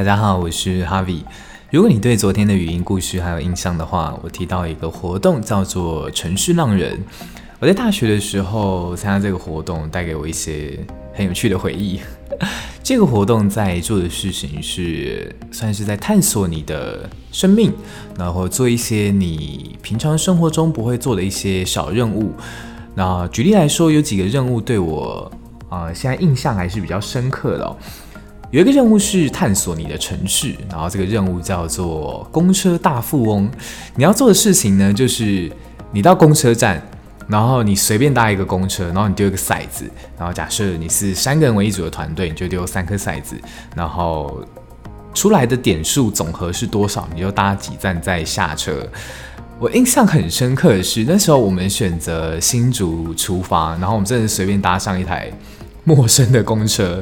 大家好，我是 Harvie。如果你對昨天的語音故事還有印象的話，我提到一個活動叫做“城市浪人”。我在大學的時候參加這個活動，帶給我一些很有趣的回憶。 這個活動在做的事情是，算是在探索你的生命，然後做一些你平常生活中不會做的一些小任務。那舉例來說，有幾個任務對我啊、呃、現在印象還是比較深刻的哦。有一個任務是探索你的城市，然後這個任務叫做公車大富翁。你要做的事情呢，就是你到公車站，然後你隨便搭一個公車，然後你丟一個骰子，然後假設你是三個人為一組的團隊，你就丟三顆骰子，然後出來的點數總和是多少，你就搭幾站再下車。我印象很深刻的是，那時候我們選擇新竹出發，然後我們真的隨便搭上一台陌生的公車。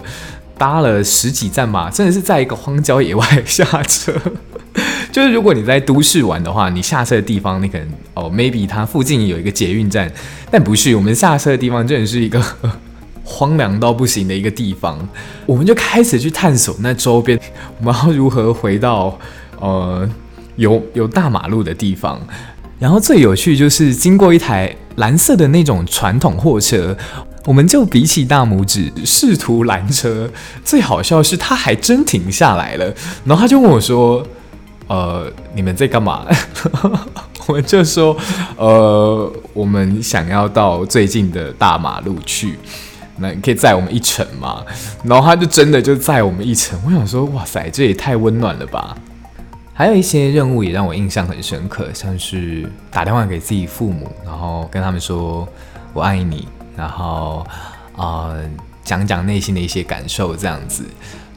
搭了十幾站吧，真的是在一個荒郊野外下車。 就是如果你在都市玩的話，你下車的地方，你可能哦、oh，maybe 它附近有一個捷運站，但不是，我們下車的地方真的是一個 荒涼到不行的一個地方。我們就開始去探索那周邊，我們要如何回到呃有有大馬路的地方。然後最有趣就是經過一台藍色的那種傳統貨車。我們就比起大拇指，試圖攔車。最好笑的是，他還真停下來了。然後他就問我說：“呃，你們在幹嘛？” 我就說：“呃，我們想要到最近的大馬路去，那你可以載我們一程嗎？”然後他就真的就載我們一程。我想說，哇塞，這也太溫暖了吧！還有一些任務也讓我印象很深刻，像是打電話給自己父母，然後跟他們說“我愛你”。然後，呃，講講內心的一些感受，這樣子，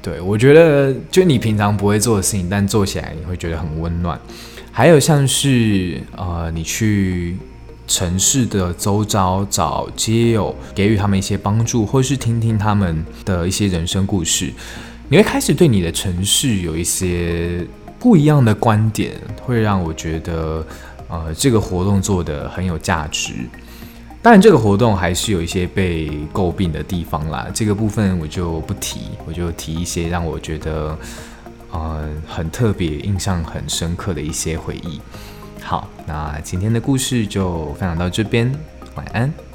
對，我覺得，就你平常不會做的事情，但做起來你會覺得很溫暖。還有像是，呃，你去城市的周遭找街友，給予他們一些幫助，或是聽聽他們的一些人生故事，你會開始對你的城市有一些不一樣的觀點，會讓我覺得，呃，這個活動做得很有價值。當然，這個活動還是有一些被詬病的地方啦，這個部分我就不提，我就提一些讓我覺得，嗯、呃，很特別、印象很深刻的一些回憶。好，那今天的故事就分享到這邊，晚安。